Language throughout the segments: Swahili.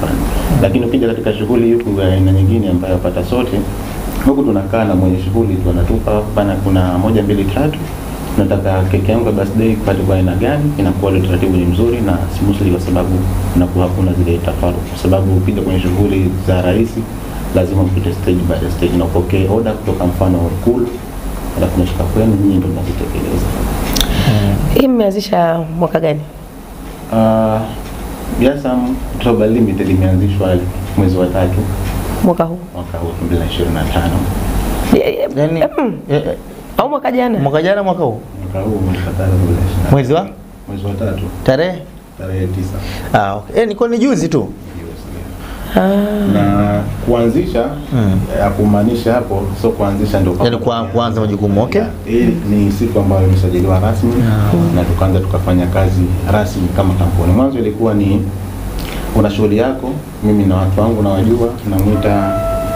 fulani. Lakini ukija katika shughuli huku ya aina nyingine ambayo pata sote huku tunakaa na mwenye shughuli tu anatupa bana, kuna moja mbili tatu, nataka keki yangu ya birthday ipate kwa aina gani. Inakuwa ile taratibu ni mzuri na smoothly, kwa sababu inakuwa hakuna zile tafaruku, kwa sababu ukija kwenye shughuli za rais lazima mpite stage by stage na upokee order kutoka mfano wa Ikulu, alafu nashika kwenu nyinyi ndio mnazitekeleza. Hii mmeanzisha mwaka gani? Uh, Jasam Global Limited imeanzishwa mwezi wa tatu mwaka huu mwaka huu 2025 yani mm, au mwaka jana mwaka jana mwaka huu mwaka huu mwezi wa mwezi wa tatu tarehe tarehe 9 ah okay. Eh, kwa ni juzi tu Ah. Na kuanzisha ya mm. kumaanisha eh, hapo sio kuanzisha ndio yaani kwa kuanza majukumu okay. Eh, ni siku ambayo imesajiliwa rasmi yeah. na tukaanza tukafanya kazi rasmi kama kampuni. Mwanzo ilikuwa ni una shughuli yako, mimi na watu wangu nawajua, namwita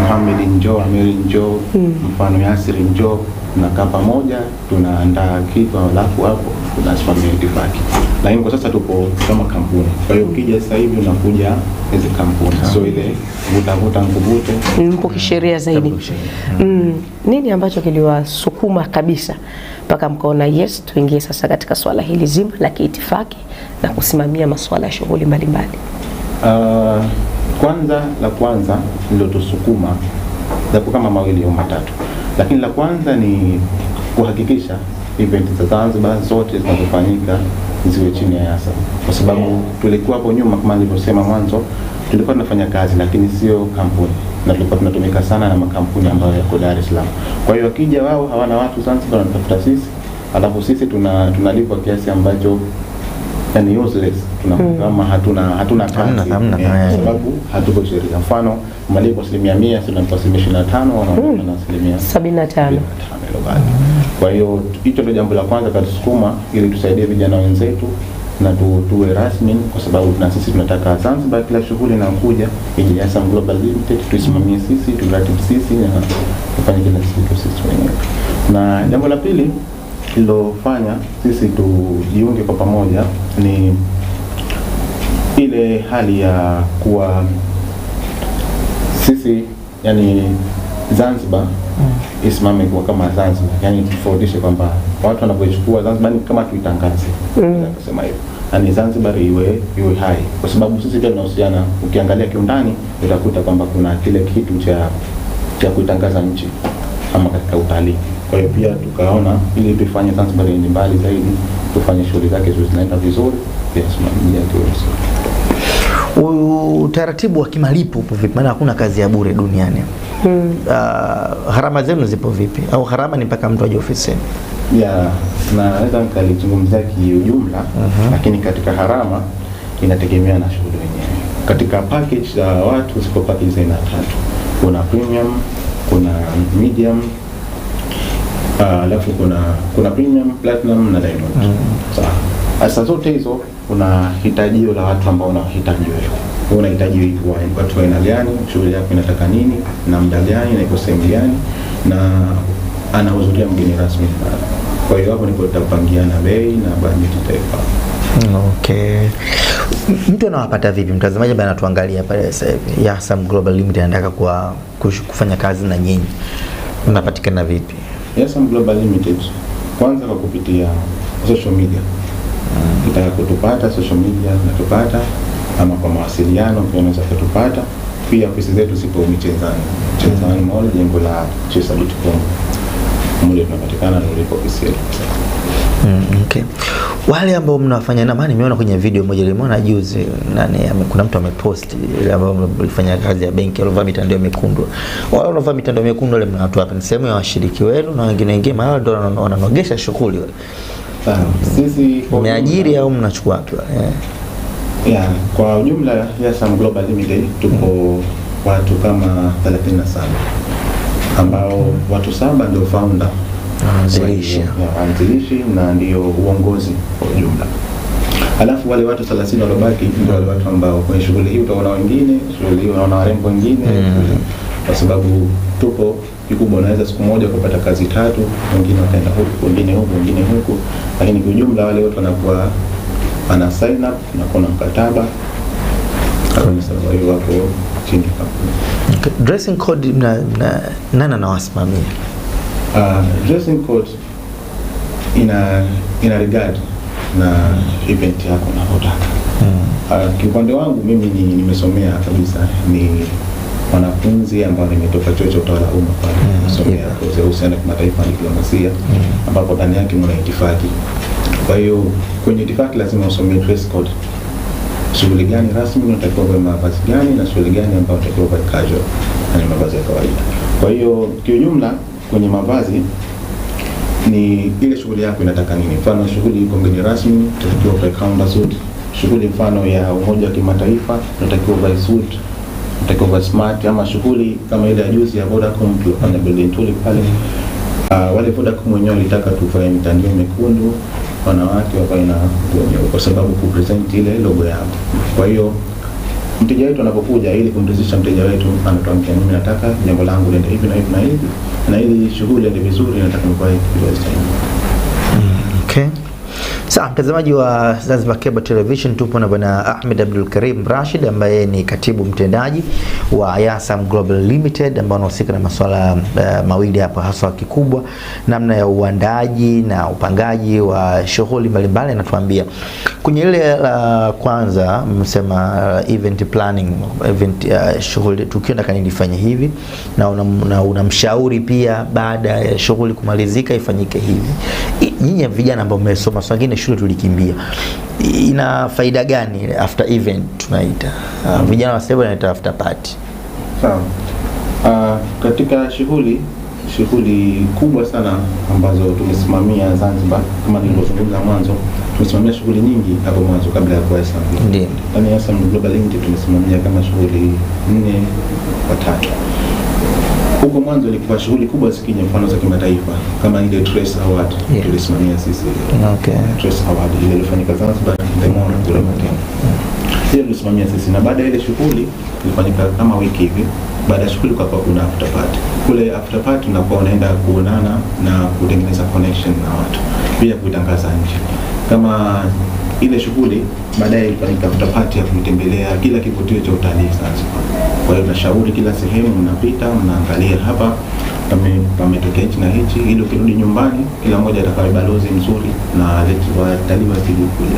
Muhammad njoo, Amiri njoo, hmm. mfano Yasiri njoo tunakaa pamoja, tunaandaa kitu alafu hapo tunasimamia itifaki. Lakini kwa sasa tupo kama kampuni, kwa hiyo ukija sasa hivi unakuja hizi kampuni, so ile vutavuta nguvute, mpo kisheria zaidi. Mm, nini ambacho kiliwasukuma kabisa mpaka mkaona yes, tuingie sasa katika swala hili zima la kiitifaki na kusimamia masuala ya shughuli mbalimbali? Uh, kwanza la kwanza ndio tusukuma kama mawili au matatu lakini la kwanza ni kuhakikisha event za Zanzibar zote zinazofanyika ziwe chini ya Yasa, kwa sababu tulikuwa hapo nyuma kama nilivyosema mwanzo, tulikuwa tunafanya kazi lakini sio kampuni, na tulikuwa tunatumika sana na makampuni ambayo yako Dar es Salaam. Kwa hiyo wakija wao hawana watu Zanzibar, wanatafuta sisi, alafu sisi tunalipwa tuna kiasi ambacho yani useless tunakama mm. hatuna hatuna kazi hamna yeah. sababu hatuko sheria. Mfano malipo asilimia mia tunampa asilimia ishirini na tano wanaondoka hmm. na asilimia sabini Kwa hiyo hicho ndio jambo la kwanza katusukuma ili tusaidie vijana wenzetu na tu, tuwe rasmi kwa sababu na sisi tunataka Zanzibar kila shughuli inakuja ijiasa Global Limited tuisimamie sisi, turatibu sisi na kufanya kila kitu sisi wenyewe. Na jambo la pili lilofanya sisi tujiunge kwa pamoja ni ile hali ya kuwa sisi yani Zanzibar mm. isimame kuwa kama Zanzibar, yani tofautishe kwamba watu wanapoichukua Zanzibar ni kama tuitangaze mm. hivyo yani Zanzibar iwe iwe hai, kwa sababu sisi pia tunahusiana. Ukiangalia kiundani utakuta kwamba kuna kile kitu cha cha kuitangaza nchi kama katika utalii kwa hiyo pia tukaona ili tufanye Zanzibar ni mbali zaidi, tufanye shughuli zake hizo zinaenda vizuri, pia tusimamia tu Utaratibu wa kimalipo upo vipi? Maana hakuna kazi ya bure duniani. Hmm. Uh, gharama zenu zipo vipi? Au gharama ni mpaka mtu aje ofisini? Yeah, naweza nikalizungumzia kiujumla. Uh-huh. Lakini katika gharama inategemea na shughuli yenyewe. Katika package za watu zipo package za aina tatu, kuna premium, kuna medium Ah, alafu kuna kuna premium, platinum na diamond. Mm. Sawa. Sasa zote hizo kuna hitajio la watu ambao wanahitaji wewe. Unahitaji watu wa aina gani, shughuli yako inataka nini, na muda gani, na iko sehemu gani, na anahudhuria mgeni rasmi. Kwa hiyo hapo ndipo tutapangiana bei na bajeti taifa. Mm, okay. Mtu anawapata vipi? Mtazamaji ambaye anatuangalia pale sasa hivi, Yasam Global Limited anataka kufanya kazi na nyinyi, unapatikana vipi? Yesam Global Limited kwanza kwa kupitia social media. Ukitaka kutupata social media natupata ama kwa mawasiliano pia unaweza kutupata. Pia ofisi zetu zipo Michezani, Michezani Mall, jengo la Chesa Bitcoin, mmoja tunapatikana, ndio ofisi yetu. Mm, okay. Wale ambao mnafanya na maana nimeona kwenye video moja nimeona juzi nani kuna mtu amepost ile ambao mlifanya kazi ya benki alovaa mitandao mekundu. Wale wanaovaa mitandao mekundu wale mnawatoa hapa ni sehemu ya washiriki wenu na wengine wengine maana ndio wananogesha shughuli wale. Sisi umeajiri au mnachukua watu wale? Yeah. Yeah, kwa ujumla ya Sam Global Limited tupo mm. watu kama 37 ambao watu saba ndio founder anzilishi na ndio uongozi kwa ujumla. Alafu wale watu 30 waliobaki ndio wale watu ambao kwenye shughuli hii utaona wengine, shughuli hii unaona warembo wengine, hmm. kwa sababu tupo kikubwa. Unaweza siku moja kupata kazi tatu, wengine wakaenda huku, wengine huku, wengine huku, lakini kwa ujumla wale watu wanakuwa ana sign up na kuna mkataba wako chini. Dressing code mna nani anawasimamia? Uh, dressing code ina ina regard na event yako unavyotaka. Hmm. Uh, kiupande wangu mimi ni, nimesomea kabisa ni wanafunzi ambao nimetoka chuo cha utawala umma pale hmm. nimesomea yeah. kozi ya uhusiano kimataifa na diplomasia hmm. ambapo ndani yake mna itifaki. Kwa hiyo kwenye itifaki lazima usomee dress code, shughuli gani rasmi unatakiwa kwa mavazi gani na shughuli gani ambayo unatakiwa kwa casual na mavazi ya kawaida. Kwa hiyo kiujumla kwenye mavazi ni ile shughuli yako inataka nini. Mfano shughuli iko mgeni rasmi, tunatakiwa uvae kaunda suit. Shughuli mfano ya umoja wa kimataifa, tunatakiwa uvae suit, tunatakiwa uvae smart. Ama shughuli kama ile ya juzi ya Vodacom tulifanya building tuli pale, uh, wale Vodacom wenyewe walitaka tuvae mitandio mekundu, wanawake wakae na nguo nyeupe, kwa sababu kupresent ile logo yao, kwa hiyo mteja wetu anapokuja, ili kumridhisha mteja wetu, anatuambia mimi nataka jambo langu liende hivi na hivi na hivi, na ili shughuli iende vizuri, nataka mkoa hivi. Mm, okay. Sasa mtazamaji wa Zanzibar Cable Television, tupo na bwana Ahmed Abdul Karim Rashid ambaye ni katibu mtendaji wa Yasam Global Limited ambao anahusika na masuala uh, eh, mawili hapa, hasa kikubwa namna ya uandaji na upangaji wa shughuli mbalimbali. Anatuambia kwenye ile la uh, kwanza msema uh, event planning event uh, shughuli tukienda kanilifanye hivi na unamshauri una, una pia baada ya shughuli kumalizika ifanyike hivi I, nyinyi vijana ambao mmesoma, so wengine shule tulikimbia, ina faida gani after event tunaita? Uh, vijana wa sasa wanaita after party. Sawa. Uh, katika shughuli shughuli kubwa sana ambazo tumesimamia Zanzibar, kama nilivyozungumza mwanzo, tumesimamia shughuli nyingi hapo mwanzo kabla ya kuwa Islam. Ndio. Ndani ya Global Limited tumesimamia kama shughuli nne kwa tatu huko mwanzo ilikuwa shughuli kubwa zikija mfano za kimataifa kama ile Trace Award yeah. tulisimamia sisi okay. Trace Award ile ilifanyika Zanzibar Ndemona kule Matemo ile tulisimamia sisi, na baada ya ile shughuli ilifanyika kama wiki hivi. Baada ya shughuli kwa kuna after party kule. After party unakuwa unaenda kuonana na kutengeneza connection na watu, pia kuitangaza nje kama ile shughuli baadaye ikafuta pati ya kumtembelea kila kivutio cha utalii Zanzibar. Kwa hiyo tunashauri kila sehemu mnapita, mnaangalia hapa pametokea hichi na hichi, ili ukirudi nyumbani kila mmoja atakawe balozi mzuri na watalii wazidi kuja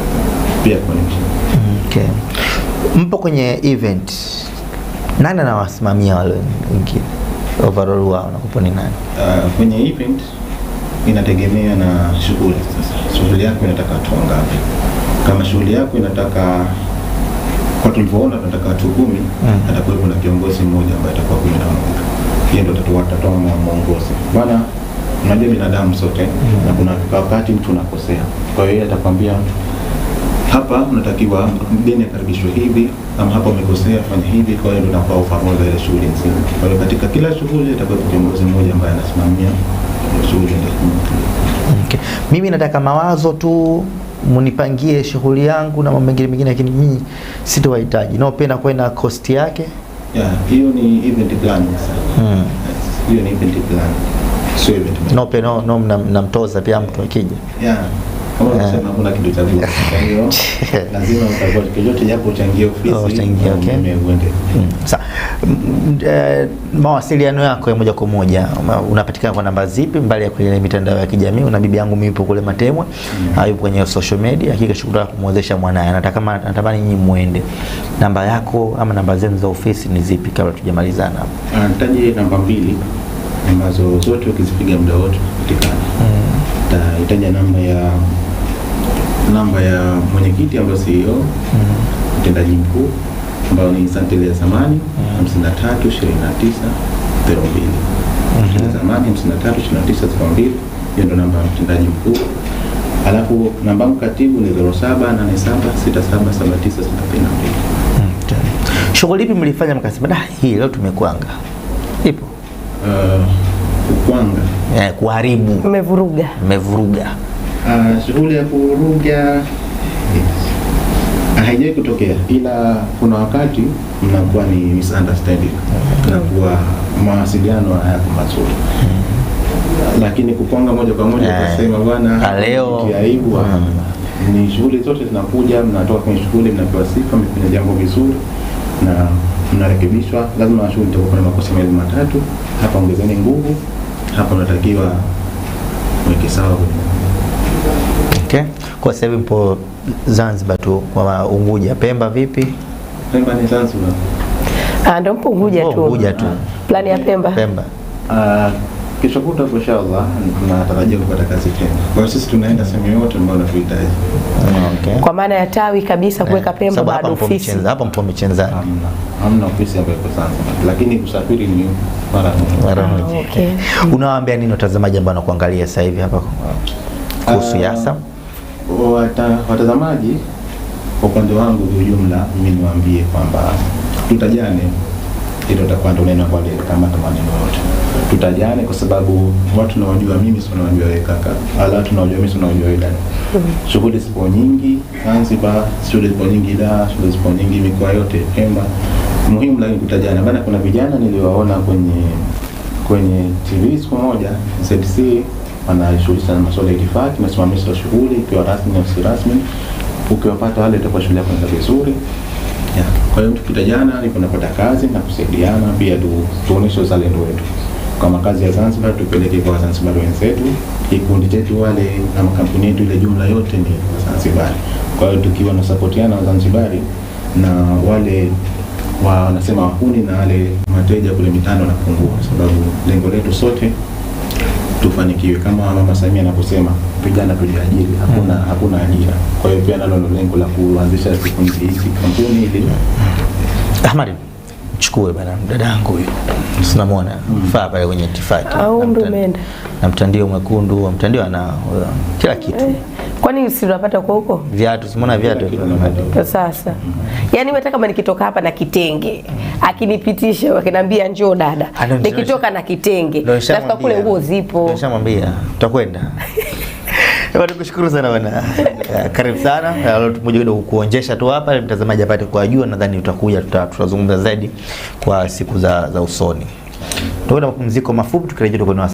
pia connection. Okay. Mpo kwenye event, nani anawasimamia wale wengine? Overall wao nakupo ni nani? Uh, kwenye event inategemea na shughuli sasa. Shughuli yako inataka tuangapi kama shughuli yako inataka kwa tulivyoona tunataka watu kumi, mm. atakuwepo na kiongozi mmoja ambaye atakuwa kumi na mmoja. Hiyo ndio atatoa mwongozo, maana unajua binadamu sote mm. na kuna wakati mtu unakosea. Kwa hiyo atakwambia hapa unatakiwa mgeni akaribishwe hivi, ama hapa umekosea, fanya hivi. Kwa hiyo ndio inakuwa ufamoza ile shughuli nzima. Kwa hiyo katika kila shughuli atakuwa kiongozi mmoja ambaye anasimamia shughuli. Okay. Mimi nataka mawazo tu munipangie shughuli yangu na mambo mengine mengine, lakini mimi sitowahitaji. Naopenda kuwa na cost yake. Hiyo ni event plan. Hmm. Hiyo ni event plan. Sio event plan. Naopenda no, mnamtoza pia mtu akija. Yeah mawasiliano yako ya moja kwa moja unapatikana kwa namba zipi mbali ya kwenye mitandao ya kijamii? Una bibi yangu mimi yupo kule Matemwe, mm. yupo kwenye social media, hakika shukrani kumwezesha mwanae. anataka kama natamani nyinyi muende. Namba yako ama namba zenu za ofisi ni zipi kabla tujamalizana hapo? Anahitaji namba mbili ambazo zote ukizipiga muda wote kupatikana. Mm. Utahitaji namba ya namba ya mwenyekiti ambayo CEO mm-hmm. mtendaji mm -hmm. mkuu ambayo ni mm-hmm. mm-hmm. santeli ya zamani hamsini na tatu ishirini na tisa zero mbili zamani hamsini na tatu ishirini na tisa zero mbili hiyo ndo namba ya mtendaji mkuu. Alafu namba yangu katibu ni zero saba nane saba sita saba saba tisa thelathini na mbili. Shughuli ipi mlifanya mkasema da hii leo tumekwanga? Ipo uh, kukwanga eh, kuharibu, mmevuruga mmevuruga Ah, shughuli ya kuruga ah, haijai kutokea, ila kuna wakati mnakuwa ni misunderstanding, tunakuwa mawasiliano hayako mazuri lakini kupanga moja kwa moja eh. kusema bwana ah, leo aibu ni shughuli zote zinakuja, mnatoka kwenye shughuli, mnapewa sifa, mmefanya jambo vizuri na mnarekebishwa. Lazima shughuli itakuwa makosa mawili matatu, hapa ongezeni nguvu, hapa unatakiwa mweke sawa kwenye Okay. Kwa sasa hivi mpo Zanzibar tu kwa Unguja, Pemba vipi? Pemba ni Zanzibar. Ah, ndio mpo Unguja oh, tu. Unguja tu. Plani ya Pemba. Pemba. Ah, kesho kutwa inshallah tunatarajia kupata kazi tena. Kwa hiyo sisi tunaenda sehemu yote ambayo tunahitaji. Okay. Kwa maana ya tawi kabisa kuweka eh, Pemba bado ofisi. Hapa mpo Michenzani. Hamna. Hamna ofisi hapa kwa Zanzibar. Lakini kusafiri ni mara mara ah, Okay. Unawaambia nini watazamaji ambao wanakuangalia sasa hivi hapa? Ah. Kuhusu Yasa. Ah, wata, watazamaji kwa upande wangu kwa ujumla, mimi niwaambie kwamba tutajane, hilo litakuwa ndio neno kwa leo, kama kama neno yote tutajane, kwa sababu watu nawajua mimi, sio nawajua wewe kaka, ala tunawajua mimi, sio nawajua wewe dada. Mm-hmm. Shughuli zipo nyingi Zanzibar, shughuli zipo nyingi da, shughuli zipo nyingi mikoa yote Pemba, muhimu lakini kutajana maana Kuna vijana niliwaona kwenye kwenye TV siku moja ZC wanajishughulisha na masuala ya kifaa kinasimamisha shughuli ikiwa rasmi na si rasmi. Ukiwapata wale itakuwa shule yako inaenda vizuri. Kwa hiyo tukita jana nilikuwa napata kazi na kusaidiana pia tu, tuoneshe uzalendo wetu kwa makazi ya Zanzibar tupeleke kwa Zanzibar wenzetu, kikundi chetu wale na makampuni yetu, ile jumla yote ni Wazanzibari. Kwa hiyo tukiwa na sapotiana Wazanzibari na wale wanasema wahuni na wale mateja kule mitano wanapungua, sababu lengo letu sote tufanikiwe. Kama Mama Samia anaposema vijana tuliajiri, hakuna mm. hakuna ajira. Kwa hiyo pia nalo ndo lengo la kuanzisha kikundi hiki kampuni ili Ahmad chukue bana dadangu huyo sinamwona mm. faa pale kwenye itifaki na mtandio mwekundu mtandio ana kila kitu eh. Kwani usinapata kwa huko viatu? Simona viatu sasa. Yaani hata kama nikitoka hapa na kitenge, akinipitisha akiniambia njoo dada, ah, nikitoka na kitenge nafika kule, nguo zipo. Nishamwambia tutakwenda. Nikushukuru sana bwana, eh, karibu sana eh, moja kuonjesha tu hapa, mtazamaji apate kuwajua. Nadhani utakuja, tutazungumza zaidi kwa siku za, za usoni. Tuone mapumziko mafupi tukirejea